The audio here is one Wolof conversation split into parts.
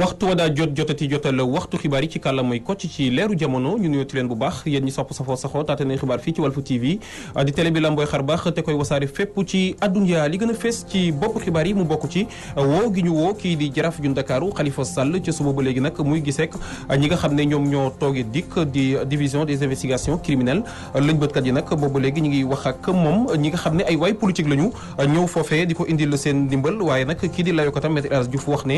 waxtu wa daa jot jotati jotal waxtu xibaar yi ci kàlla mooy kocc ci leeru jamono ñu nuyooti leen bu baax yéen ñi sopp safoo saxoo taate nañ xibaar fii ci Walfu TV di télé bi lambooy xar baax te koy wasaare fépp ci adduna li gën a fees ci bopp xibaar yi mu bokk ci woo gi ñu woo kii di jaraaf ju Ndakaaru Khalifa Sall ca suba ba léegi nag muy giseek ñi nga xam ne ñoom ñoo tooge dikk di division des investigations criminelles lañ bëtkat yi nag boobu léegi ñu ngi wax ak moom ñi nga xam ne ay waay politique lañu ñëw foofee di ko indil seen ndimbal di layokatam Maître El Hadji Diouf wax ne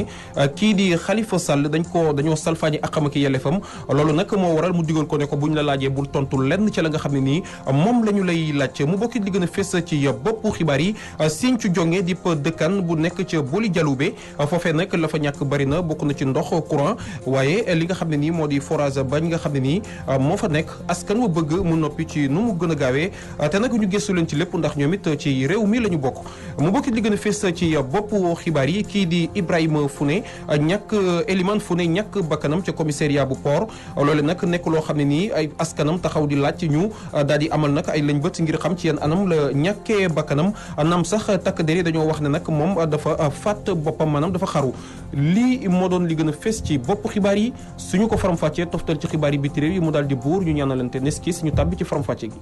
kii di Khalifa Sall dañ ko dañoo salfaañi akam ak yelleefam loolu nag moo waral mu digal ko ne ko ñu la laajee bul tontu lenn ci la nga xam ne nii moom lañu lay laaj mu bokk li gën a fës ci boppu xibaar yi Sinthiou Diongue di dëkkan bu nekk ca Boli Dialoubé foofee nag la ñàkk bari na bokk na ci ndox courant waaye li nga xam ne nii moo di forage bañ nga xam ne nii moo fa nekk askan wa bëgg mu noppi ci nu mu gën a gaawee te nag gëstu leen ci lépp ndax ñoom ci réew mi la ñu bokk mu bokk li gën a fës ci boppu xibaar yi kii di Ibrahima Founé ñàkk ñàkk Eliman Founé ñàkk bakkanam ca commissariat bu port loole nag nekk loo xam ne nii ay askanam taxaw di laaj ñu uh, daal amal nag ay lañ bët ngir xam ci yan anam la ñàkkee bakkanam nam sax takk deri dañoo wax ne nag moom dafa uh, fàtt boppam maanaam dafa xaru lii moo doon li gën a fes ci bopp xibaar yi su ñu ko faram-fàccee toftal ci xibaar yi biti réew yi mu daal di buur ñu ñaanalante neski suñu tàbbi ci faram-fàcce gi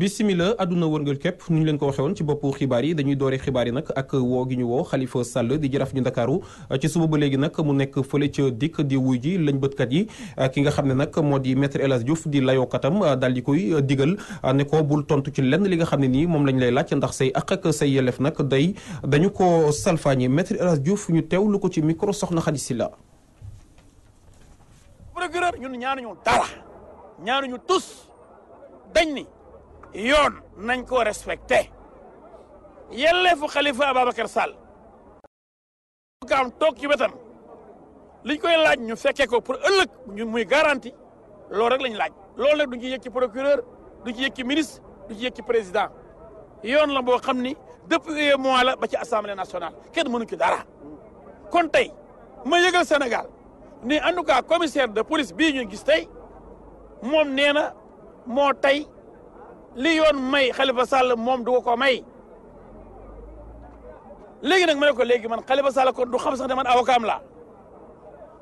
bisimila àdduna wërngal képp ni ñu leen ko waxe woon ci boppu xibaar yi dañuy doore xibaar yi nag ak woo gi ñu woo Khalifa Sall di jaraaf ñu Ndakaaru ci suba ba léegi nag mu nekk fële ca dikk di wuy ji lañ bëtkat yi ki nga xam ne nag moo di maître El Hadj Diouf di layoo katam daal di koy digal ne ko bul tontu ci lenn li nga xam ne nii moom lañu lay laaj ndax say ak ak say yelef nag day dañu ko salfaañi yi El Hadj Diouf ñu lu ko ci mikro soxna Xadi Silla procureur ñun ñaanuñu dara ñaanuñu tus dañ yoon nañ ko respecté yelleefu xalifa Ababacar Sall kaam toog ci wetam liñ koy laaj ñu fekkee ko pour ëllëg ñu muy garanti loolu rek lañ laaj loolu nag duñ ci yëg ci procureur duñ ci yëg ci ministre duñ ci yëg président yoon la boo xam ni dëpp un mois la ba ci assemblée nationale kenn mënu ci dara kon tey ma yëgal Sénégal ni en tout cas commissaire de police bii ñu gis tey moom nee na moo tey li yoon may Khalifa Sall moom du ko may léegi nag ma ne ko léegi man Khalifa Sall du xam sax ne man avocat am laa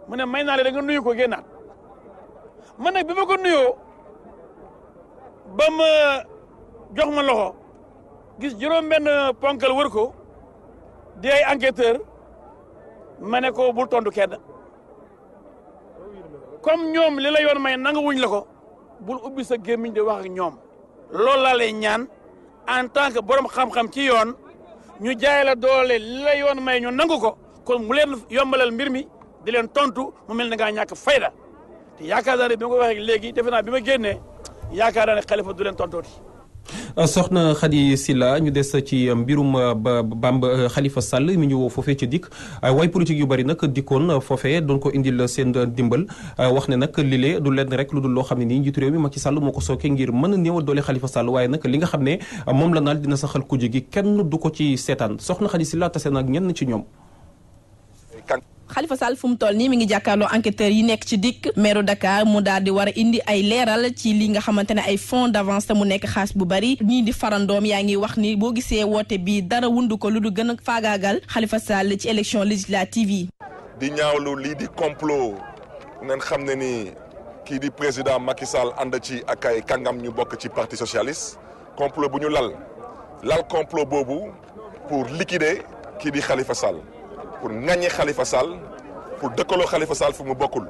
mu ne may naa leen da nga nuyu ko génnaat man nag bi ma ko nuyoo ba jox ma loxo gis juróom-benn ponkal wër ko di ay enquêteur ma ne ko bul tontu kenn comme ñoom li la yoon may nanga wuñ la ko bul ubbi sa gémmiñ di wax ñoom loolu laa lay ñaan en tant que borom xam-xam ci yoon ñu jaay la doole li yoon may ñu nangu ko kon mu leen yombalal mbir mi di leen tontu mu mel ne ngaa ñàkk fayda te yaakaar naa ne bi ma ko waxee léegi defe naa bi ma génnee yaakaar naa ne xalifa du leen tontooti Euh, soxna Khady Sylla ñu des ci mbirum euh, Bamba euh, Khalifa Sall mi ñu woo foofe ci dikk way politique yu bari nag dikkoon foofee doon ko indil seen dimbal wax ne nak lile du lenn rek lu dul loo xam ne nii njiitu réew mi Macky Sall moo ko sooke ngir mën a néewal doole xalifa Sall waaye nag li nga xam ne moom la naal dina saxal kujje gi kenn du ko ci seetaan soxna Khady Sylla tase na ak ñenn ci ñoom. Khalifa Sall fu mu toll nii mi ngi jàkkaarloo enquêteurs yi nekk ci dikk maire Dakar mu daal di war a indi ay leeral ci li nga xamante ne ay fonds d'avance mu nekk xaas bu bari ñii di farandoom yaa ngi wax ni boo gisee woote bi dara wundu ko lu du gën a faagaagal Khalifa Sall ci élection législative yi. di ñaawlu lii di complot ngeen xam ne ni kii di président Macky Sall ànd ci ak ay kàngam ñu bokk ci parti socialiste complot bu ñu lal lal complot boobu pour liquider kii di Khalifa Sall. pour ŋaññi xalifa Sall pour dëkkaloo xalifa Sall fu mu bokkul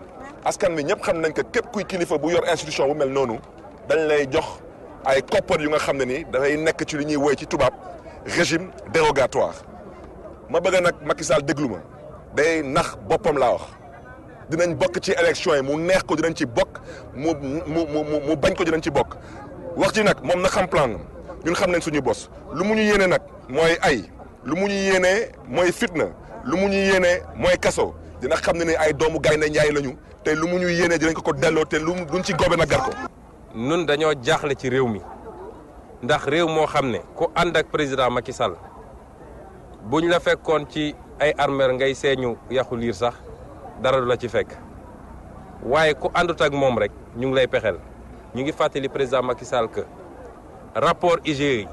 askan bi ñëpp xam nañ que képp kuy kilifa bu yor institution bu mel noonu dañ lay jox ay koppar yu nga xam ne ni dafay nekk ci lu ñuy woy ci tubaab régime dérogatoire ma bëgg nag Macky Sall déglu ma day nax boppam laa wax dinañ bokk ci élection yi mu neex ko dinañ ci bokk mu mu bañ ko dinañ ci bokk wax ji nag moom na xam plan ñun xam nañ suñu bos lu mu ñu yéene nag mooy ay lu mu ñu mooy fitna. lu mu ñu yéenee mooy kaso dina xam ne ni ay doomu gaynde njaay lañu te lu mu ñu yéenee dinañ ko ko delloo te lu duñ ci goobe na gar ko. nun dañoo jaaxle ci réew mi ndax réew moo xam ne ku ànd ak président Macky Sall ñu la fekkoon ci ay armeer ngay seeñu yàqu liir sax dara du la ci fekk waaye ku àndut ak moom rek ñu ngi lay pexeel ñu ngi fàttali président Macky Sall rapport IGE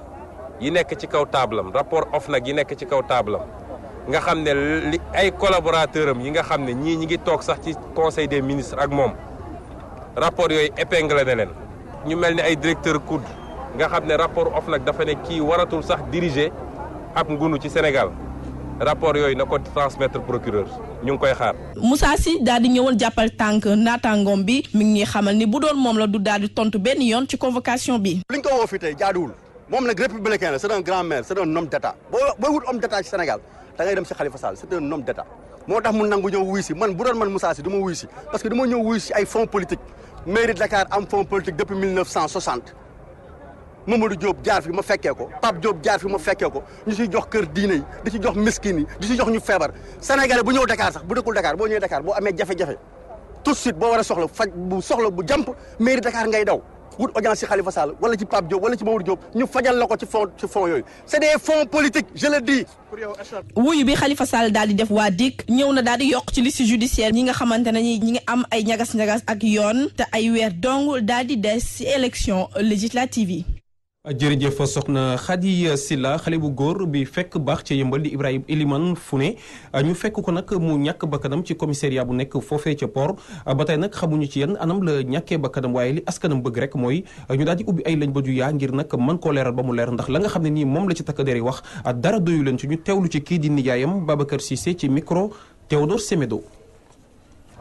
yi nekk ci kaw taabalam rapport nag yi nekk ci kaw taabalam nga xam ne li ay collaborateur am yi nga xam ne ñii ñi ngi toog sax ci conseil des ministres ak moom rapport yooyu épingle na leen ñu mel ni ay directeur COUD nga xam ne rapport OFNAC dafa ne kii waratul sax diriger ab ngunu ci Sénégal rapport yooyu na ko transmettre procureur ñu ngi koy xaar. Moussa Sy daal di ñëwoon jàppal tànk naataangoom bi mi ngi xamal ni bu doon moom la du daal di tontu benn yoon ci convocation bi. li ñu ko woo fii tey jaaduwul moom nag républicain la c'est un grand maire c'est un boo booy wut homme d'état Sénégal. da ngay dem si xalifa Sall c'est un homme d'état moo tax mu nangu ñëw wuy man bu doon man Moussa Sy du si parce que du ma ñëw wuy si ay fonds politique mairie de Dakar am fonds politique depuis 1960 Mamadou Diop jaar fi ma fekkee ko Pape Diop jaar fi ma fekkee ko ñu siy jox kër diine yi di si jox miskin yi di si jox ñu feebar sénégalais bu ñëw Dakar sax bu dëkkul Dakar boo ñëwee Dakar boo amee jafe-jafe tout suite boo war a soxla faj bu soxla bu jàmp mairie Dakar ngay daw wut audience ci Khalifa Sall wala ci Pape Diop wala ci Mamour Diop ñu fajal la ko ci fonds ci fonds yooyu c'est des fonds politiques je le dis. wuyu bi Khalifa Sall daal di def waa dikk ñëw na daal di yokk ci liste judiciaire ñi nga xamante ne ñi ngi am ay ñagas-ñagas ak yoon te ay weer dong daal di des ci élection législative yi. jërëjëf soxna Khady Silla xale bu góor bi fekk baax ca yëmbal di Ibrahima Elimane Founé ñu fekk ko nag mu ñàkk bakkanam ci commissariat bu nekk foofee ca port ba tey nag xamuñu ci yenn anam la ñàkkee bakkanam waaye li askanam bëgg rek mooy ñu daal di ubbi ay lañ ba ju yaa ngir nag mën koo leeral ba mu leer ndax la nga xam ne nii moom la ci takk der yi wax dara doyu leen ci ñu teewlu ci kii di nijaayam Babacar Cissé ci micro Théodore Semedo.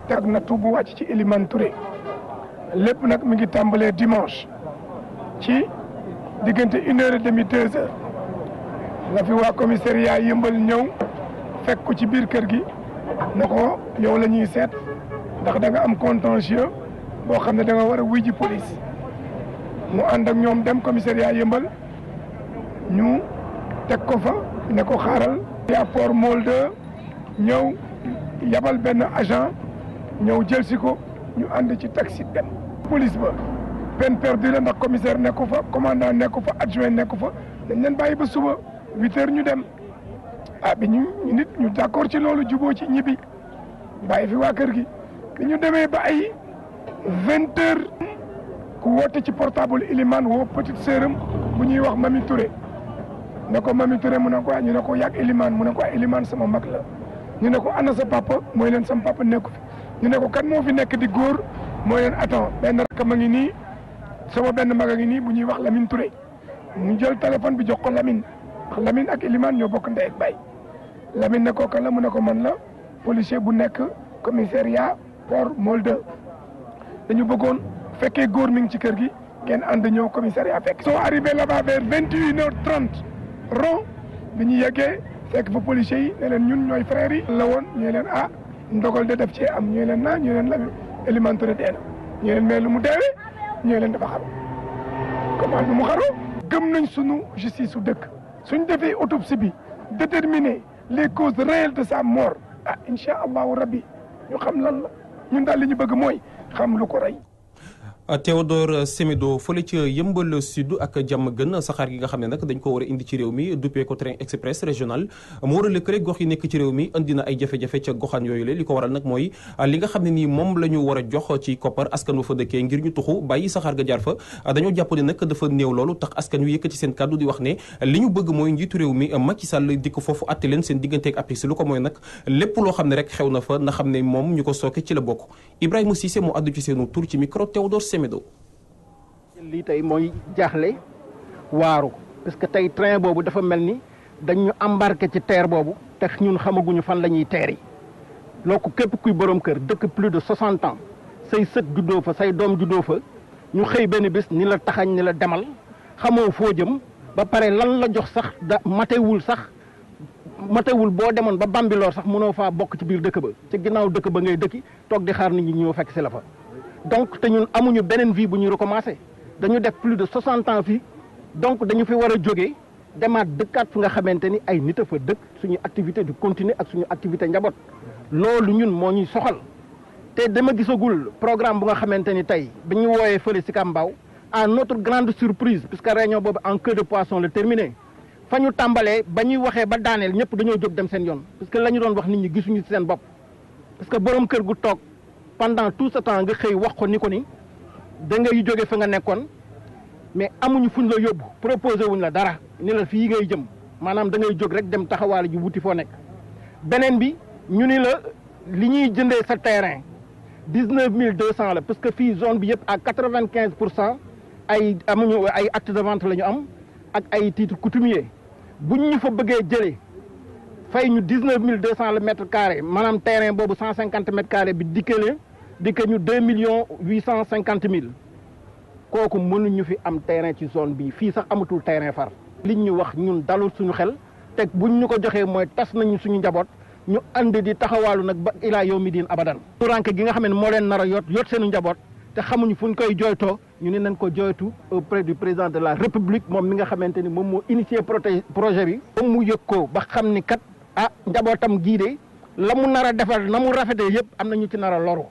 teg na tuub diggante une heure et demie deux heures fi waa commissariat yëmbal ñëw fekk ko ci biir kër gi na ko yow lañuy seet ndax da nga am contentieux boo xam ne danga nga war a wuy ji police mu ànd ak ñoom dem commissariat yëmbal ñu teg ko fa ne ko xaaral apport Molde ñëw yabal benn agent ñëw jëlsi ko ñu ànd ci taxi dem police ba peine perdue la ndax commissaire nekku fa commandant nekku fa adjoint nekku fa dañ leen bàyyi ba suba huit ñu dem ah ñu nit ñu d'accord ci loolu juboo ci ñibbi bàyyi fi waa kër gi ñu demee ba ay vingt heures ku ci portable Ilimane woo petite sœuram bu ñuy wax Mami Touré ne ko Mami Touré mu ne ko ah, ñu ne ko yàgg mu ne ko ah, Ilimane sama mag la ñu ne ko ana sa papa mooy leen sama papa nekku fi ñu ne ko kan moo fi nekk di góor mooy leen attends benn rakk ma ngi nii sama benn mag a ngi nii bu ñuy wax Lamine Touré mu jël téléphone bi jox ko Lamine ndax Lamine ak Elimane ñoo bokk ndey ak baay Lamine ne ko kan la mu ne ko man la policier bu nekk commissariat port Molde dañu bëggoon fekkee góor mi ngi ci kër gi ngeen ànd ñëw commissariat fekk. soo arrivé là-bas vers vingt et une heures trente bi ñu yeggee fekk fa policiers yi ne leen ñun ñooy frères yi. la woon ñu leen ah ndogal de def cee am ñu leen naa ah, ñu leen Lamine Elimane Touré mu deewee. ñu leen de fa xaru comment nu mu xaru gëm nañ sunu justice su dëkk suñ defee autopsie bi déterminer les causes réelles de sa mort ah incha allahu rabbi ñu xam lan la ñun daal li ñu bëgg mooy xam lu ko rey Théodore Semedo fële ca Yëmbal Sud ak jàmm gën saxaar gi nga xam ne nag dañ ko war a indi ci réew mi duppee ko train express régional mu war a lëkkale gox yi nekk ci réew mi indi na ay jafe-jafe ca goxaan yooyu la li ko waral nag mooy li nga xam ne nii moom la ñu a jox ci koppar askan wa fa dëkkee ngir ñu tuxu bàyyi saxaar ga jaar fa dañoo jàpp ne nag dafa néew loolu tax askan yu yëkkati seen kàddu di wax ne li ñu bëgg mooy njiitu réew mi Macky na fa na ne moom ñu ko sooke ci la bokk Ibrahima timido lii tey mooy jaaxle waaru parce que tey train boobu dafa mel ni dañu embarqué ci teer boobu te ñun xamaguñu fan la ñuy teer yi looku képp kuy boroom kër dëkk plus de soixante ans say sët juddoo fa say doom juddoo fa ñu xëy benn bis ni la taxañ ni la demal xamoo foo jëm ba pare lan la jox sax da matewul sax matewul boo demoon ba Bambilor sax mënoo faa bokk ci biir dëkk ba ci ginnaaw dëkk ba ngay dëkki toog di xaar nit ñi ñëw fekk si la fa donc te ñun amuñu beneen vie bu ñu recommencer dañu def plus de 60 ans fii donc dañu fi war a jóge demaat dëkkaat fu nga xamante ni ay nit a fa dëkk suñu activité du continuer ak suñu activité njaboot loolu ñun moo ñuy soxal te dama gisagul programme bu nga xamante ni tey bi ñu wooyee fële si en à notre grande surprise puisque réunion boobu en queue de poisson la terminé fa ñu tàmbalee ba ñuy waxee ba daaneel ñëpp dañoo jóg dem seen yoon parce la ñu doon wax nit ñi gisuñu seen bopp parce que borom kër gu toog pendant tout ce temps nga xëy wax ko ni ko ni da ngay jóge fa nga nekkoon mais amuñu fu ñu la yóbbu proposé wuñ la dara ni la fii ngay jëm maanaam da ngay jóg rek dem taxawaale ji wuti foo nekk. beneen bi ñu ni la li ñuy jëndee sa terrain dix neuf mille deux cent la parce que fii zone bi yëpp ak quatre vingt quinze pour cent ay amuñu ay acte de vente la ñu am ak ay titre coutumier buñ ñu fa bëggee jëlee. fay ñu dix neuf mille deux cent carré maanaam terrain boobu cent cinquante mètres carré bi dikkee leen dikke ñu deux millions huit cent cinquante mille kooku mënuñu fi am terrain ci zone bii fii sax amatul terrain far liñ ñu wax ñun dalul suñu xel teg buñ ñu ko joxee mooy tas nañu suñu njaboot ñu ànd di taxawaalu nag ba ilaa yow diin abadan su ranke gi nga xam ne moo leen nara a yot yot seenu njaboot te xamuñu fu ñu koy jooytoo ñu ne nañ ko jooytu auprès du président de la république moom mi nga xamante ni moom moo initié projet bi ba mu yëg ko ba xam ni kat ah njabootam gii de la mu nar a defar na mu rafetee yëpp am na ñu ci nar a loru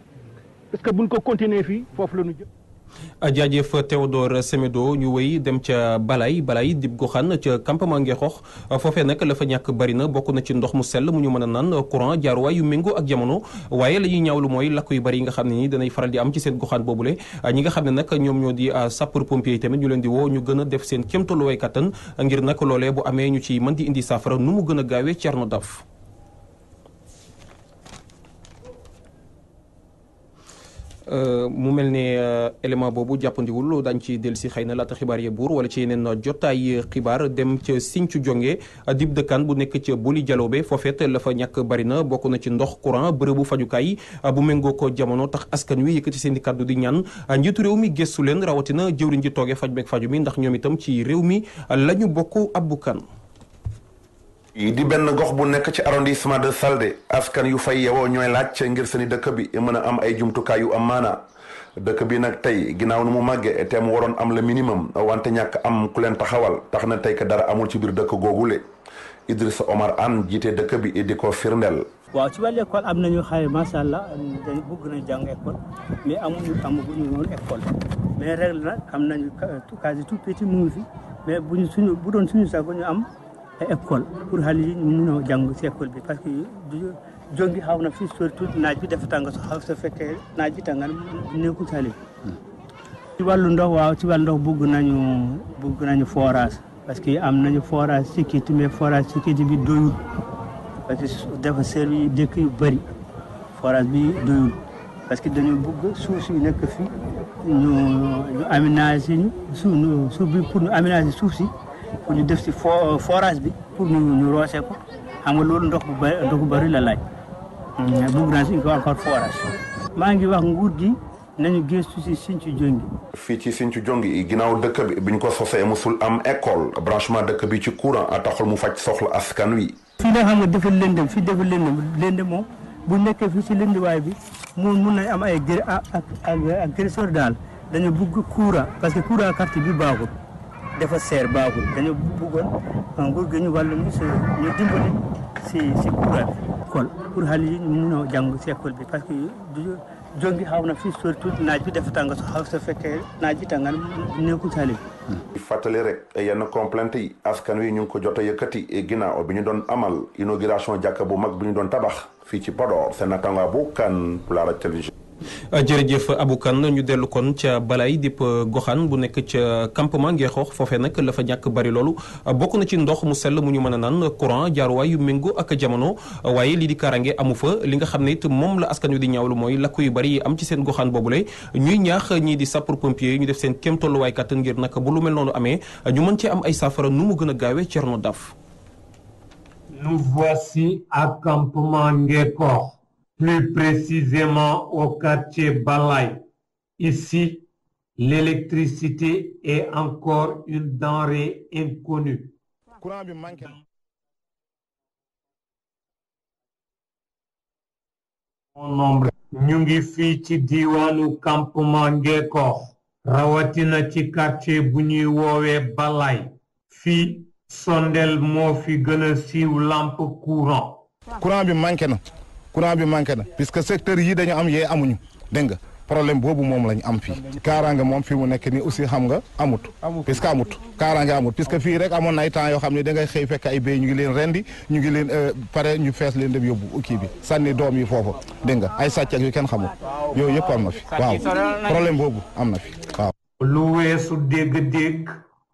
est ko continuer fii foofu la ñu jëm jaajëf Théodore Semedo ñu wéy dem ca balay balay dib goxaan ca campement Ngexoox foofee nag la fa ñàkk bari na bokk na ci ndox mu sell mu ñu mën a naan courant jaaruwaay yu méngoo ak jamono waaye la ñuy ñaawlu mooy lakk yu bari yi nga xam ne ni danay faral di am ci seen goxaan boobule ñi nga xam ne nag ñoom ñoo di ah, sapeur pompier yi tamit ñu leen di woo ñu gën def seen kéemtolluwaay kattan ngir nag loolee bu amee ñu ci mën di indi saafara nu mu gën a gaawee Thierno Daf Euh, mu mel ni euh, élément boobu jàppandiwul dañ ci dellu si xëy na laata xibaar yee buur wala ci yeneen jotaay xibaar dem ca jonge a dib dëkkaan bu nekk ca Boli Dialobé foofeet la fa ñàkk bari na bokk na ci ndox courant bërëbu fajukaay euh, bu méngoo ko jamono tax askan wi yëkkati seen i kàddu di ñaan njiitu réew mi gëstu leen rawatina jëwriñ ji toogee faj beeg faju mi ndax ñoom itam ci réew mi la ñu bokk abbukan yi di benn gox bu nekk ci arrondissement de Saldé askan yu fay yewoo ñooy laajte ngir seeni dëkk bi mën a am ay jumtukaay yu am maana dëkk bi nag tey ginnaaw nu mu màggee te mu waroon am le minimum wante ñàkk am ku leen taxawal tax na tey que dara amul ci biir dëkk googule Idrissa Omar Anne jiite dëkk bi di ko firndeel. waaw ci wàllu école am nañu xayma macha allah dañ bëgg na jàng école mais amuñu amaguñu woon école mais règle nag am nañu quasi tout petit mu ngi fi mais bu doon suñu sax ñu E école pour haali yimɓe mun o janngo si école ɓe par ce que jongi hawna fi surtout naajji defatanga so haw so fette naajji tangan ne ko sali ciwallu ndo waw ciwal ndo bugg nañu bugg nañu forage parce que am nañu forage sikkiti mais forage sikkiti bi doyul parce que dafa servi dëkk yu bëri forage bi doyul parce que dañu bugg suuf si nekk fi ñu aménagé suuf bi pour ñu aménagé suuf si pour ñu def si forage bi pour ñu ñu ko xam nga loolu ndox bu bari ndox bu bari la laaj bugg naa si ko encore forage maa ngi wax nguur gi nañu gëstu si Sinthiou Diongi fii ci Sinthiou Diongi ginnaaw dëkk bi bi ñu ko sosee musul am école branchement dëkk bi ci courant a taxul mu faj soxla askan wi fii nag xam nga dafa lëndëm fii dafa lëndëm lëndëm moom bu nekkee fii si lëndëwaay bi moom mun nañ am ay agresseur daal dañu bugg courant parce que courant carte bi defa seer baaxul dañu bëggoon nguur gi ñu wàllu ñu si ñu dimbali si si courant école xale yi ñu mun a jàng si école bi parce que jongi xaw na fii surtout naaj bi dafa tàng su xaw sa fekkee naaj bi tàngaan nekkul xale bi di fàttali rek yenn complainte yi askan wi ñu ko jot a yëkkati ginnaaw bi ñu doon amal inauguration jàkka bu mag bi ñu doon tabax fii ci Podor seen nattangaabu kan pour la jërëjëf Abou Kane ñu dellu kon ca balay dipp euh, goxaan bu nekk ca ngee Ngeexoox foofee nag la fa ñàkk bari loolu bokk na ci ndox mu sell mu ñu mën a naan courant jaaruwaay yu méngoo ak jamono waaye lii di kaaraange amu fa li nga xam ne it moom la askan wi di ñaawlu mooy lakk yu bari yi am ci seen goxaan boobu boobule ñuy ñaax ñii di sapeur pompier ñu def seen kéem tolluwaay kàttan ngir nag bu lu mel noonu amee ñu mën cee am ay saafara nu mu gën a gaawee Cerno Daf nous voici à plus précisément au quartier Balai. Ici, l'électricité est encore une denrée inconnue. nombre ñu ngi fi ci diiwaanu campement Ngeekoox rawatina ci quartier bu ñuy woowee Balay fi sondel moo fi gën siiw lampe courant courant bi manqué courant bi manqué na puisque secteur yi dañu am yee amuñu dégg nga problème boobu moom lañu am fii kaaraange moom fii mu nekk ni aussi xam nga amut puisque amut kaaraange amut puisque fii rek amoon na ay temps yoo xam ne da ngay xëy fekk ay béy ñu ngi leen ñu ngi leen euh, pare ñu fees leen dem yóbbu kii bi sànni doom yi foofu dégg nga ay sàcc ak yu kenn xamul yooyu yëpp am na fi waaw problème boobu am na fi waaw lu weesu dégg-dégg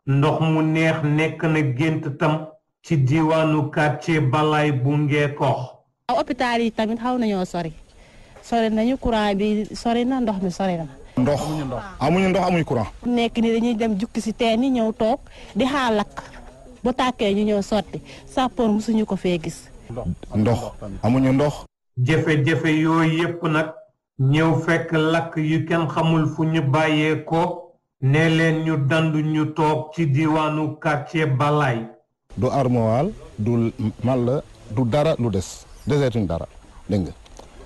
ndox mu neex nekk na gént tam ci diiwaanu quartier Balaye bu Ngeekoox waaw hôpital yi tamit xaw nañoo sori sori nañu courant bi sori na ndox mi sori na. ndox amuñu ndox amuñu courant. nekk ni dañuy dem jukki si teen yi ñëw toog di xaar lakk bu tàkkee ñu ñëw sotti sàppoor musuñu ko fee gis. ndox amuñu ndox. jëfe jëfe yooyu yëpp nag ñëw fekk lakk yu kenn xamul fu ñu bàyyee ko ne leen ñu dandu ñu toog ci diwaanu quartier Balaye. du armoire du màll du dara lu des. deseetuñ dara dégg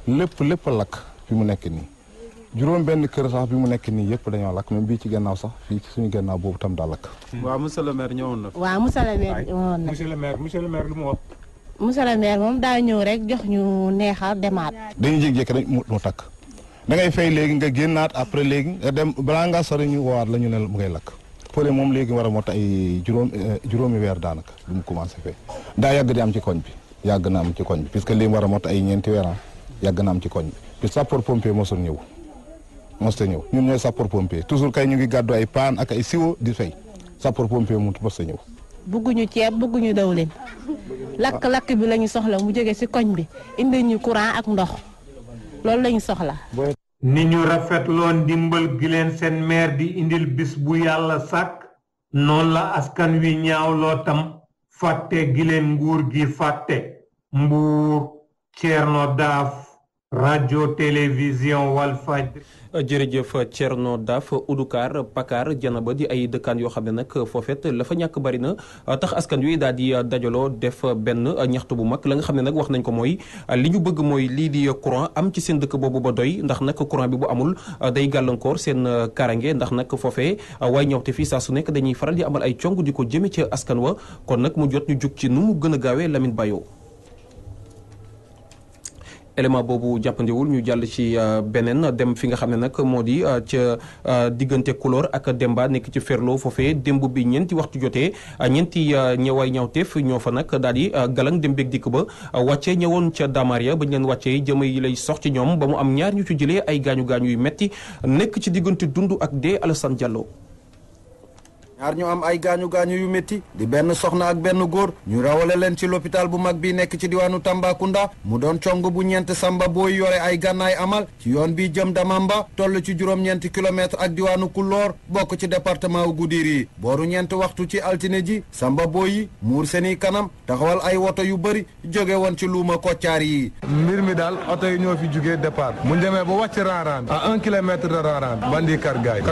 nga lépp lépp lakk fi mu nekk nii juróom benn kër sax bi mu nekk nii yëpp dañoo lakk même bii ci gannaaw sax fii ci suñu gannaaw boobu tam daa lakk. waaw monsieur ñëwoon na. waaw monsieur le maire ñëwoon na monsieur mu wax. monsieur le maire moom daa ñëw rek jox ñu neexal demaat. dañu jékki-jékki rek mu mu takk da ngay fay léegi nga génnaat après léegi nga dem balaa ngaa sori ñu woowaat la ñu ne mu ngay lakk. fële moom léegi war a mot ay juróom eh, juróomi weer daanaka lu mu commencé fee daa yàgg di am ci koñ bi. yàgg na am ci koñ bi puisque li mu war a mot ay ñeenti weer yàgg na am ci koñ bi puis sapeur pompier mosul ñëw mosta ñëw ñun ñooy sapeur pompier toujours kay ñu ngi gàddu ay paan ak ay siwo di fay sapeur pompier mu mosta ñëw. bugguñu ceeb bugguñu dawlin lakk-lakk bi lañu soxla mu jóge ci koñ bi indi ñu courant ak ndox loolu lañu soxla. ni ñu rafet rafetloon dimbal gi leen seen maire di indil bis bu yàlla sàkk noonu la askan wi ñaaw loo tam. fàtte gi leen nguur gi fàtte mbuur Ceerno daaf radio télévision Walfadjri. jërëjëf Thierno Daf Oudoukar Pakar Janaba di ay dëkkaan yoo xam ne nag foofet la fa ñàkk bari na tax askan wi daal di dajaloo def benn ñaxtu bu mag la nga xam ne nag wax nañ ko mooy li ñu bëgg mooy lii di courant am ci seen dëkk boobu ba doy ndax nag courant bi bu amul day gàllankoor seen karange ndax nag foofee waaye ñawte fii saa su nekk dañuy faral di amal ay cong di ko jëme ci askan wa kon nag mu jot ñu jug ci nu mu gën a gaawee Lamine Bayo. élément boobu jàppandiwul ñu jàll ci euh, beneen dem fi nga xam ne nag moo di euh, ca euh, diggante Kulor ak Demba nekk ci Ferlo foofee démb bi ñeenti waxtu jotee ñeenti ñëwaay ñawteef ñoo fa nag daal di galang dem beeg dikk ba wàcce ñëwoon ca Damaria bañ leen wàccee jëma yi lay sox ci ñoom ba mu am ñaar ñu ci jëlee ay gaañu gaañu yu metti nekk ci diggante dund ak dee san Diallo ñaar ñu am ay gaañu gaañu yu métti di benn soxna ak benn góor ñu rawale leen ci l'hôpital bu mag bi nekk ci diwaanu Tambacounda mu doon cong bu ñeent samba booy yore ay gànnaay amal ci yoon bi jëm Damamba toll ci juróom-ñeenti ak diwaanu Kulloor bokk ci département wu yi booru ñeent waxtu ci altine ji samba booy yi muur seeni kanam taxawal ay woto yu bëri jóge woon ci luuma koccaar yi mbir mi daal oto yi ñoo fi jugee départ mu demee ba wàcc Ranran à un kilomètre de Ranran bandi kar lañ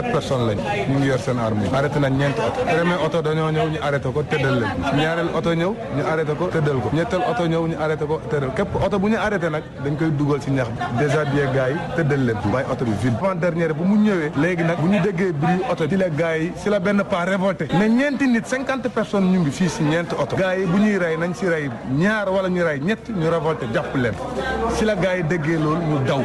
ñu ngi oto premier oto dañoo ñëw ñu arrêté ko tëddal leen ñaareel oto ñëw ñu arrêté ko tëddal ko ñetteel oto ñëw ñu arrêté ko tëddal képp oto bu ñu arrêté nag dañ koy dugal si ñax bi déshabillé gars yi tëddal leen bàyyi oto bi vide avant dernière bu mu ñëwee léegi bu ñu déggee bruit oto ci la gars yi si la benn pas révolté mais ñu ngi fii si ñeenti oto gars yi bu ñuy rey nañ si rey ñaar wala ñu rey ñett ñu révolté jàpp leen si la gars yi déggee loolu ñu daw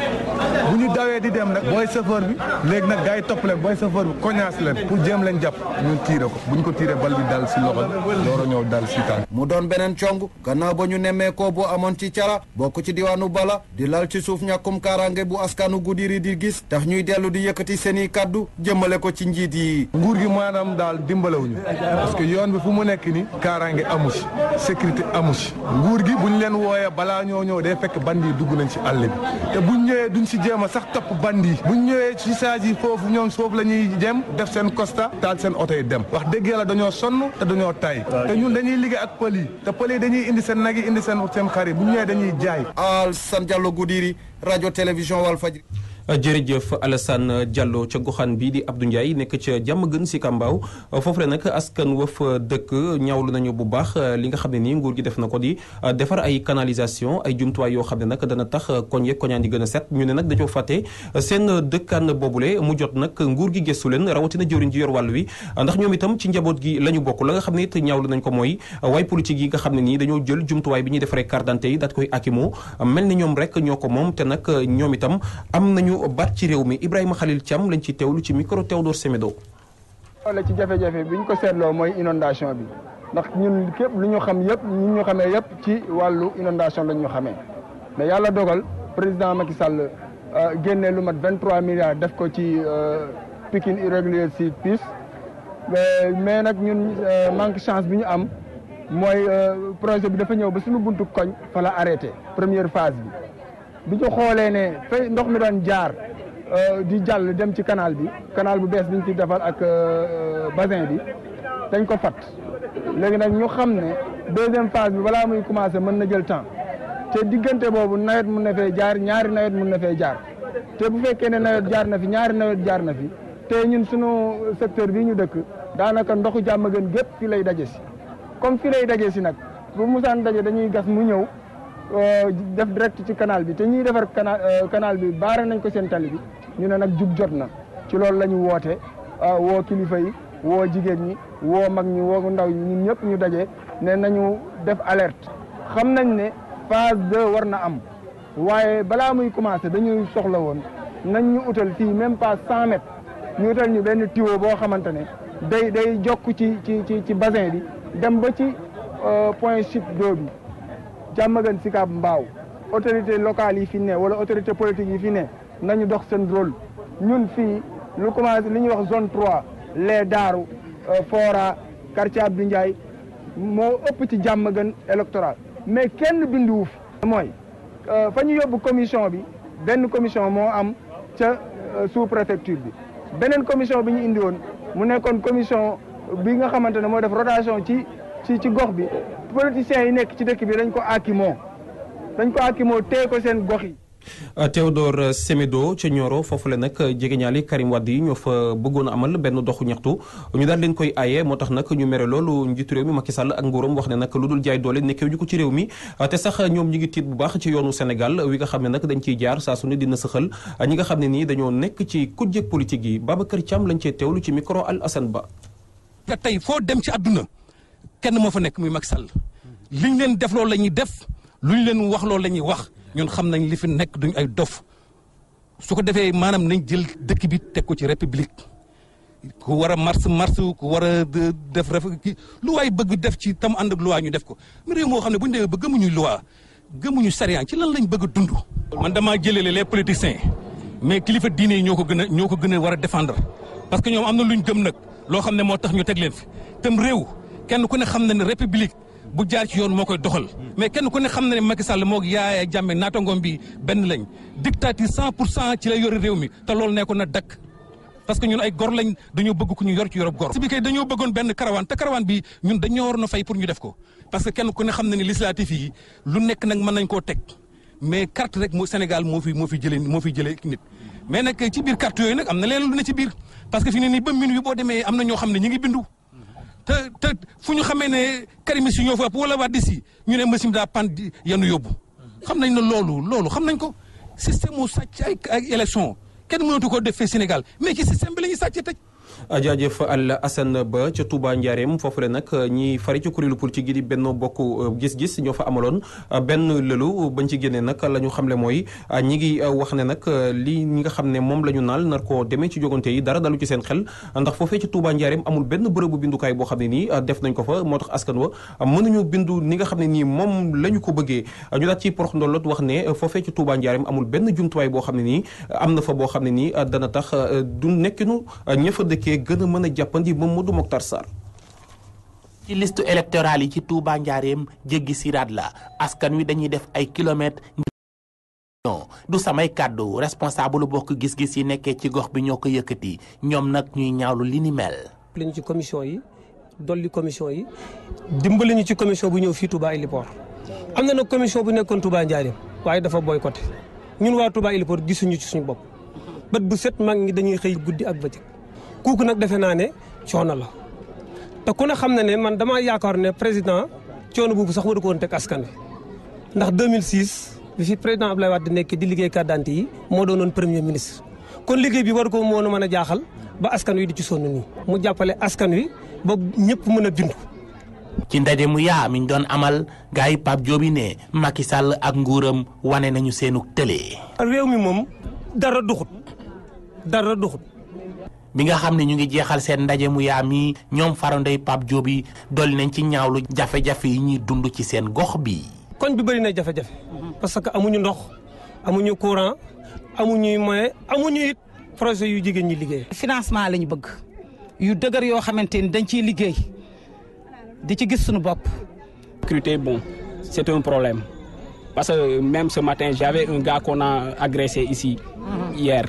bu ñu dawee di dem nag booy chauffeur bi léegi nag gars yi topp leen booy chauffeur bi koñaas leen pour jéem leen jàpp tiire ko buñ ko tiire bal bi dal si loxo doora ñëw dal si tànk mu doon beneen cong gannaaw ba ñu nemmeekoo bu amoon ci cara bokk ci diwaanu bala di lal ci suuf ñàkkum kaaraange bu askanu Goudiry di gis tax ñuy dellu di yëkkati seeni kàddu jëmale ko ci njiit yi nguur gi maanaam daal dimbalewuñu parce que yoon bi fu mu nekk ni kaaraange amu ci sécurité amu ci nguur gi buñ leen wooyee balaa ñoo ñëw day fekk bandi yi dugg nañ ci àll bi te buñ ñëwee si jéem a sax topp yi buñ ñëwee ci saaj yi foofu ñoom la ñuy jëm def seen constat dem wax dëgg yàlla dañoo sonn te dañoo tay te ñun dañuy liggéey ak pël yi te pël dañuy indi seen nag indi seen seen xar yi bu ñëwee dañuy jaay Alassane Diallo Goudiri rajo télévision Walfadjri jërëjëf Alassane Diallo ca goxaan bi di Abdou Ndiaye nekk ca jàmm gën si Kambaaw foofu le nag askan wëf dëkk ñaawlu nañu bu baax li nga xam ne nii nguur gi def na ko di defar ay canalisation ay jumtuwaay yoo xam ne nag dana tax koñ yeeg koñaan di gën a set ñu ne nag dañoo fàtte seen dëkkaan boobule mu jot nag nguur gi gëstu leen rawatina jëwriñ ji yor wàll wi ndax ñoomitam ci njaboot gi lañu bokk la nga xam ne it ñaawlu nañ ko mooy waay politique yi nga xam ne nii dañoo jël jumtuwaay bi ñuy defaree carte d'identité yi daat koy akimoo mel ni ñoom rek ñoo ko moom te nag ñoom itam am nañu amuñu baat ci réew mi Ibrahima Khalil Thiam lañ ci lu ci micro Théodore Semedo. loole ci jafe-jafe bi ñu ko seetloo mooy inondation bi ndax ñun képp lu ñu xam yëpp ñun ñu xamee yëpp ci wàllu inondation lañ ñu xamee mais yàlla dogal président Macky Sall euh, génne lu mat 23 milliards def ko ci euh, Pikine irrégulier si pis mais nag ñun euh, manque chance bi ñu am mooy projet bi dafa ñëw ba suñu buntu koñ fa la première phase bi bi ñu xoolee ne fay ndox mi daan jaar euh, di jàll dem ci kanaal bi kanaal bu bees bi ñu ci defar ak euh, euh, bassin bi dañ ko fat léegi nag ñu xam ne deuxième phase bi balaa muy commencé mën na jël temps te diggante boobu nawet mun na fee jaar ñaari nawet mun na fee jaar te bu fekkee ne nawet jaar na fi ñaari nawet jaar na fi te ñun sunu secteur bii ñu dëkk daanaka ndoxu jàmm gën gépp fi lay daje si comme fi lay daje si nag bu musaan daje dañuy gas mu ñëw Euh, def direct ci canal bi te ñuy defar canal euh, canal bi baare nañ ko seen tali bi ñu ne nag jub jot na ci loolu la ñu woote euh, woo kilifa yi woo jigéen ñi woo mag ñi woo ndaw ñi ñun ñëpp ñu daje ne nañu def alerte xam nañ ne phase deux war na am waaye balaa muy commencé dañuy soxla woon nañ ñu utal fii même pas cent mètres ñu utal ñu benn tuyau boo xamante ne day day jokk ci ci ci ci bassin bi dem ba ci point chute d'eau bi Diamaguène Sicap Mbao autorité locale yi fi ne wala autorité politique yi fi ne nañu dox seen rôle ñun fi lu commencé li ñuy wax zone 3 les daaru euh, Fora quartier Abdou Ndiaye moo ëpp ci Diamaguène électoral mais kenn binduwuf mooy euh, fa ñu yóbbu commission bi benn commission moo am ca euh, sous préfecture bi beneen commission bi ñu indi woon mu nekkoon commission bi nga xamante ne moo def rotation ci ci ci gox bi politiciens yi nekk ci dëkk bi dañ ko akimoo dañ ko akimoo téye ko seen gox yi. Euh, Théodore euh, Semedo ca Nioro foofu la nag euh, jegeñaali Karim Wade yi ñoo fa bëggoon a amal benn doxu ñaxtu ñu daal leen koy aaye moo tax nag ñu mere loolu njiitu réew mi Macky Sall ak nguuram wax ne nag lu dul jaay doole nekkew ko ci réew mi te sax ñoom ñi ngi tiit bu baax ci yoonu Sénégal wi nga xam ne nag dañ ciy jaar saa su ne dina sëxal ñi nga xam ne nii dañoo nekk ci kujje politique yi Babacar Thiam lañ cee teewlu ci micro Al Assane Ba. nga tey foo dem ci àdduna kenn moo fa nekk muy Macky Sall liñ leen def loolu la ñuy def ñu leen wax loolu la ñuy wax ñun xam nañ li fi nekk duñ ay dof su ko defee maanaam nañ jël dëkk bi teg ko ci république ku war a mars mars ku war a def ref ki lu waay bëgg def ci tam ànd ak ñu def ko mais réew moo xam ne bu ñu demee ba gëmuñu loi gëmuñu sariyaan ci lan lañ bëgg a dund. man damaa jëlee les politiciens mais kilifa diine yi ñoo ko gën a ñoo ko gën a war a défendre parce que ñoom am na luñ gëm nag loo xam ne tax ñu teg fi tam réew. kenn ku ne xam na ne république bu jaar ci yoon moo koy doxal mais kenn ku ne xam na ne Macky Sall moo yaay ak jàmme naatangoom bi benn lañ dictature cent pour cent ci lay yore réew mi te loolu nekkoon na dakk parce que ñun ay gor lañ dañoo bëgg ku ñu yor ci yorob gor si bi kay dañoo bëggoon benn karawaan a fay pour ñu def ko parce que kenn ku ne xam na ne législatif yi lu nekk nag mën nañ koo teg mais carte rek moo Sénégal moo fi moo fi jëlee moo nit mais nag ci biir carte yooyu nag am na leen lu ne ci biir parce que fi ne nii ba min wi boo demee am na ñoo xam ne ñu ngi bindu te te fu ñu xamee ne karimis yi ñoo fa ëpp wala waa dis yi ñu ne machine daa pan yanu yóbbu xam nañ na loolu loolu xam nañ ko système mu sàcc ay ay élection kenn mënatu ko defee Sénégal mais ci système bi la ñuy sàcc jaajëf Al Assane Ba ca Touba Ndiarème foofu le nag ñi fari ci kuréelu politique gi di Benno Bokk uh, Gis-Gis ñoo fa amaloon uh, benn lëlu bañ ci génnee nag la ñu xamle mooy uh, ñi ngi wax ne nag li ñi nga xam ne moom la ñu naal nar koo demee ci jogante yi dara dalu ci seen xel ndax foofee ci Touba Ndiarème amul benn bërëbu bindukaay boo xam ne nii def nañ ko fa moo tax askan wa mënuñu bindu ni nga xam ne nii moom lañu ko bëggee ñu daat ci porox ndolot wax ne foofee ci Touba Ndiarème amul benn jumtuwaay boo xam ne nii am na fa boo xam ne nii dana tax du nekkinu ñëfa dëkkee cee gën a mën a jàppandi Mamadou Moctar Sarr ci liste électorale yi ci Touba Njaareem si siraat la askan wi dañuy def ay kilomètres du samay kàddu responsable bokk gis-gis yi nekkee ci gox bi ñoo ko yëkkati ñoom nag ñuy ñaawlu li ni mel. ci commission yi dolli commission yi dimbali ñu ci commission bu ñëw fii Touba Héliport am na nag commission bu nekkoon Touba Njaareem waaye dafa boycotté ñun waa Touba Héliport gisuñu ci suñu bopp bët bu set mag ñi dañuy kooku nag defe naa ne coono la te ku ne xam na ne man damaa yaakaar ne président coono boobu sax waru ko woon askan wi ndax 2006 bi fi président Abdoulaye Wade nekk di liggéey carte d'identité yi moo doonoon premier ministre. kon liggéey bi waru ko woon a mën a jaaxal ba askan wi di ci sonn nii mu jàppale askan wi ba ñëpp mën a bindu. ci ndaje mu yaa mi doon amal gars yi Pape Diop yi ne Macky Sall ak nguuram wane nañu seenu télé. réew mi moom dara duxut dara duxut. bi nga xam ne ñu ngi jeexal seen ndaje mu yaam yi ñoom farandey Pape Diop yi dolli nañ ci ñaawlu jafe-jafe yi ñuy dund ci seen gox bi kon bi bëri na jafe-jafe parce que amuñu ndox amuñu courant amuñu moyen amuñu it projet yu jigéen ñi liggéey financement lañu bëgg yu dëgër yoo xamante ni dañ ciy liggéey di ci gis suñu bopp sécurité bon c'est un problème parce que même ce matin j'avais un gars qu'on a agressé ici mm-hmm. hier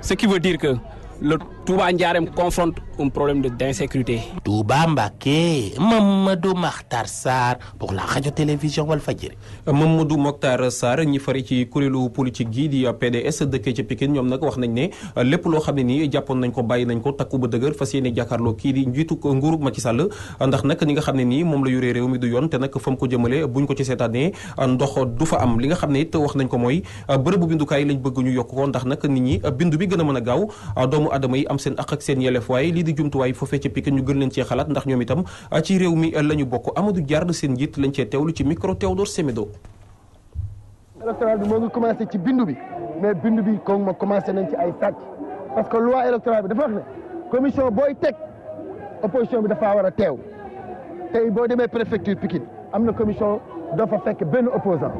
ce qui veut dire que le Touba Ndiarème confronte un problème d'insécurité. Touba Mbacké Mamadou Makhtar Sarr pour la radio télévision Walfadjri. Mamadou Makhtar Sarr ñi fari ci kuréelu politique gi di PDS dëkkee ci Pikine ñoom nag wax nañ ne lépp loo xam ne nii jàppoon nañ ko bàyyi nañ ko takku ba dëgër fas yéene jàkkaarloo kii di njiitu nguurug Macky Sall ndax nag li nga xam ne nii moom la yore réew mi du yoon te nag fa mu ko jëmale buñ ko ci seetaanee ndox du fa am li nga xam ne it wax nañ ko mooy bërëbu bindukaay lañ bëgg yokk ko ndax nag nit ñi bindu bi gën a gaaw am seen ak ak seen yelef waaye lii di jumtuwaay foofee ca Pikine ñu gën leen cee xalaat ndax ñoom itam ah, ci réew mi la bokk Amadou Diarra seen njiit lañ cee teewlu ci micro Théodore Semedo électoral bi moo ngi commencé ci bindu bi mais bindu bi kon ma commencé nañ ci ay sàcc parce que loi électorale bi dafa wax ne commission booy teg opposition bi dafaa war a teew tey boo demee préfecture Pikine am na commission doo fa fekk benn opposant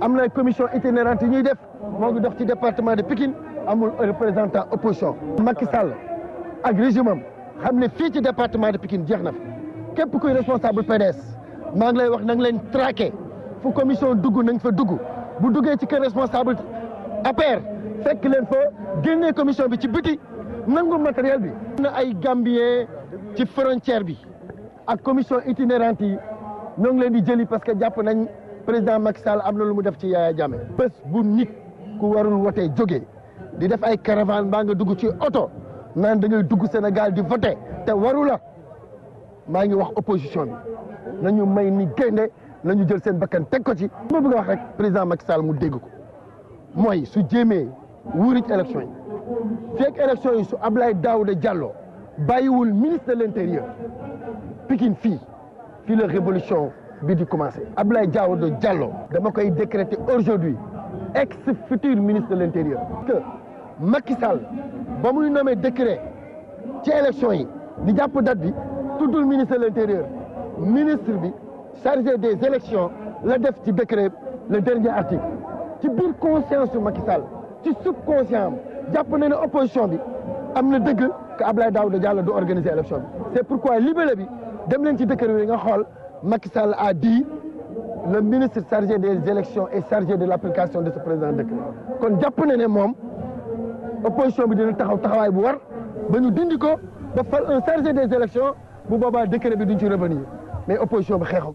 am na commission itinérante yi ñuy def moo gi dox ci département de Pikine amul représentant opposition Macky Sall ak régime am xam ne fii ci département de Pikine jeex na képp kuy responsable PDS maa ngi lay wax na nga leen traqué fu commission dugg nañ fa dugg bu duggee ci kër responsable APR fekk leen fa génnee commission bi ci biti nangu matériel bi. ay Gambien ci frontière bi ak commission itinérante yi ñoo ngi leen di jëli parce que jàpp nañ. président Macky Sall am na lu mu def ci Yaya Jammeh bés bu nit ku warul wote jóge di def ay caravane maa ngi dugg ci oto naan da ngay dugg Sénégal di vote te waru la maa ngi wax opposition bi nañu may ni gaynde na ñu jël seen bakkan teg ko ci bu bëgg a wax rek président Macky mu dégg ko mooy su jéemee wuuri ci élection yi fekk élection yi su Ablaye Daouda jàlloo bàyyiwul ministre de l' intérieur Pikine fii fii la révolution bi di commencé Abdoulaye Daouda Diallo dama koy décréter aujourd'hui ex future ministre de l'intérieur que Macky Sall ba muy nommé décret ci élection yi di jàpp date bi tuddul ministre de l'intérieur ministre bi chargé des élections la def ci décret le dernier article ci biir conscience su Macky Sall ci subconscient am jàpp na ne opposition bi am na dëgg que Abdoulaye Daouda Diallo du organiser élection bi c'est pourquoi libellé bi dem leen ci décret yi nga xool Macky Sall a dit le ministre chargé des élections est chargé de l'application de ce présent décret kon jàpp na ne moom opposition bi dina taxaw taxawaay bu war ba ñu dindi ko ba fal un chargé des élections bu boobaa décret bi duñ ci revenir mais opposition bi xeexam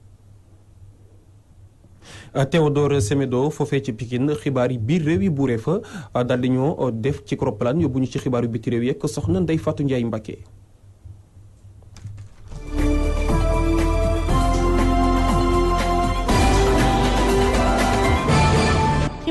Théodore Semedo foofee ci Pikine xibaar yi biir réew yi buuree fa daal di ñoo def ci croplan yóbbu ñu ci xibaar xibaaru biti réew yeeg soxna Ndeye Fatou Ndiaye Mbacké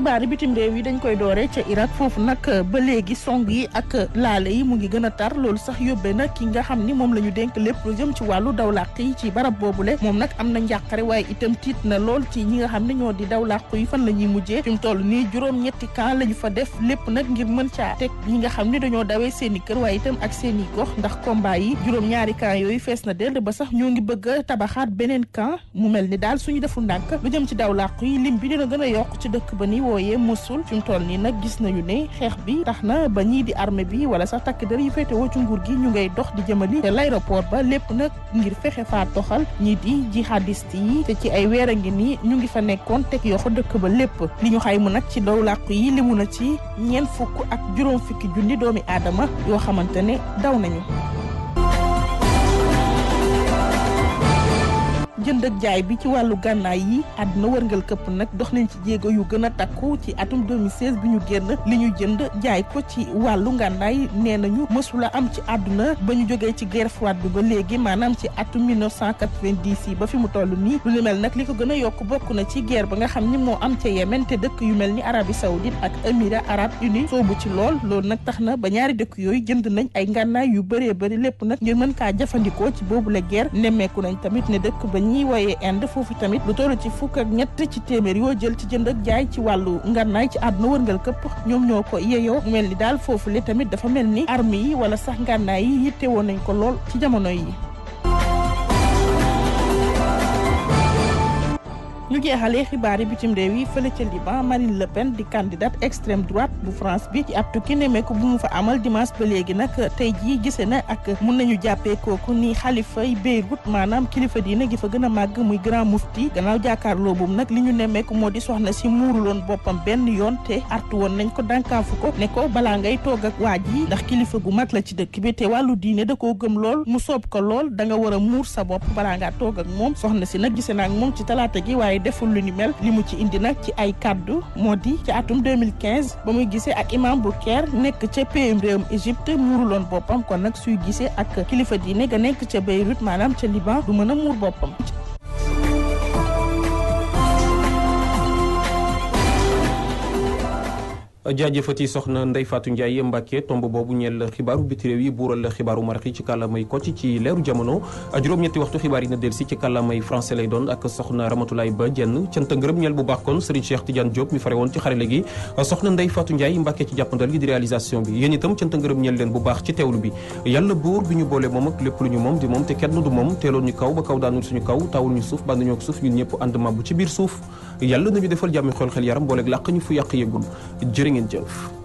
xibaari bitim réew yi dañ koy doore ca Irak foofu nag euh, ba léegi song yi ak laale yi mu ngi gën a tar loolu sax yóbbe nag ki nga xam ni moom la ñu dénk lépp lu jëm ci wàllu dawlàq yi ci barab boobu boobule moom nag am na njàqare waaye itam tiit na lool ci ñi nga xam ne ñoo di dawlàq yi fan la ñuy mujjee fi mu toll nii juróom-ñetti la ñu fa def lépp nag ngir mën caa teg ñi nga xam ni dañoo dawee seeni i kër waaye itam ak seeni i gox ndax combat yi juróom-ñaari kaa yooyu fees na dell ba sax ñoo ngi bëgg a tabaxaat beneen camp mu mel ni daal suñu deful ndànk lu jëm ci dawlàq yi lim bi gën a yokk ci dëkk wooyee Mossoul fi mu toll nii nag gis nañu ne xeex bi tax na ba ñii di arme bi wala sax takk dër yi féetewoo ci nguur gi ñu ngay dox di jëmali te l'aéroport ba lépp nag ngir fexe faa toxal ñii di jihadiste yi te ci ay weer a ngi nii ñu ngi fa nekkoon teg yoxo dëkk ba lépp li ñu xayma nag ci dow làqu yi limu na ci ñeent fukk ak juróom fukki junni doomi aadama yoo xamante ne daw nañu jënd ak jaay bi ci wàllu gànnaay yi àdduna wërngal këpp nag dox nañ ci jéego yu gën a takku ci atum 2016 bi ñu génn li ñu jënd jaay ko ci wàllu ngànnaay nee nañu mësula am ci àdduna ba ñu jógee ci guerre froide bi ba léegi maanaam ci atum 1990 yi ba fi mu toll nii lu ni mel nag li ko gën yokk bokk na ci guerre ba nga xam ni moo am ca Yemen te dëkk yu mel ni Arabie Saoudite ak Émirats Arabes Unis soobu ci lool loolu nag tax na ba ñaari dëkk yooyu jënd nañ ay ngànnaay yu bëree bëri lépp nag ngir mën kaa jëfandikoo ci boobu la guerre nemmeeku nañ tamit ñuy woyee Inde foofu tamit lu toll ci fukk ak ñett ci téeméer yoo jël ci jënd ak jaay ci wàllu ngànnaay ci àdduna wërngal këpp ñoom ñoo ko yeyoo mel ni daal foofu li tamit dafa mel ni armes yi wala sax ngànnaay yi yitte woon nañ ko lool ci jamono yi ñu jeexalee xibaari bitim réew yi fële ca Liban Marine Le Pen di candidate extrême droite bu France bi ci ab tukki nemmeeku bu mu fa amal dimanche ba léegi nag tey jii gise na ak mun nañu jàppee kooku ni xalifay Beyrouth maanaam kilifa diina gi fa gën a màgg muy grand mufti gannaaw jàkkaarloo boobu nag li ñu nemmeeku moo di soxna si loon boppam benn yoon te artu woon nañ ko dànkaafu ko ne ko balaa ngay toog ak waaj yi ndax kilifa gu mag la ci dëkk bi wàllu diine da koo gëm lool mu soob ko lool da war a muur sa bopp balaa ngaa toog ak moom soxna si nag gise na moom ci talaata gi waaye tey deful lu ni mel li mu ci indi nag ci ay kàddu moo di ci atum 2015 ba muy gisee ak imam bu Caire nekk ca péeyum réewum loon boppam kon nag suy gisee ak kilifa diine ga nekk ca Beyrouth maanaam ca Liban du mën a muur boppam jaajëfati soxna Ndeye Fatou Ndiaye Mbacke tomb boobu ñeel xibaaru biti réew yi buural xibaaru marxi ci kàllaamay Kocc ci leeru jamono juróom-ñetti waxtu xibaar yi na dellusi ci kàllaamay français lay doon ak soxna Ramatoulaye Ba Jenn cant ngërëm ñeel bu baax kon Serigne Cheikh Tidiane Diop mi fare woon ci xarale gi soxna Ndeye Fatou Ndiaye Mbacke ci jàppandal gi di réalisation bi yéen itam cant ngërëm ñeel leen bu baax ci teewlu bi yàlla buur ñu boole moom ak lu ñu moom di moom te kenn du moom teeloon ñu kaw ba ñu suuf bànduñoo ak suuf ñun ñëpp ànd mabbu ci yàlla nañu defal jàmmi xool xel yaram booleeg làq ñu fu yàq yëggul jërë ngeen jëf